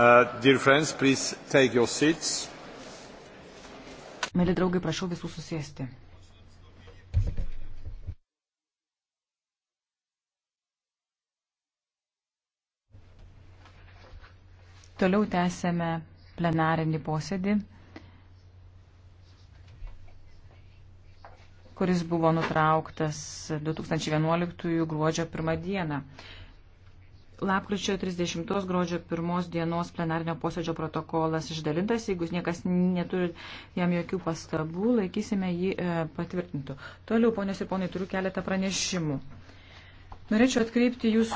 Uh, friends, Mėly draugai, prašau visų susėsti. Toliau tęsėme plenarinį posėdį, kuris buvo nutrauktas 2011 gruodžio 1 dieną. Lapkričio 30 gruodžio 1 dienos plenarnio posėdžio protokolas išdalintas. Jeigu niekas neturi jam jokių pastabų, laikysime jį e, patvirtintų. Toliau, ponios ir ponai, turiu keletą pranešimų. Norėčiau atkreipti jūsų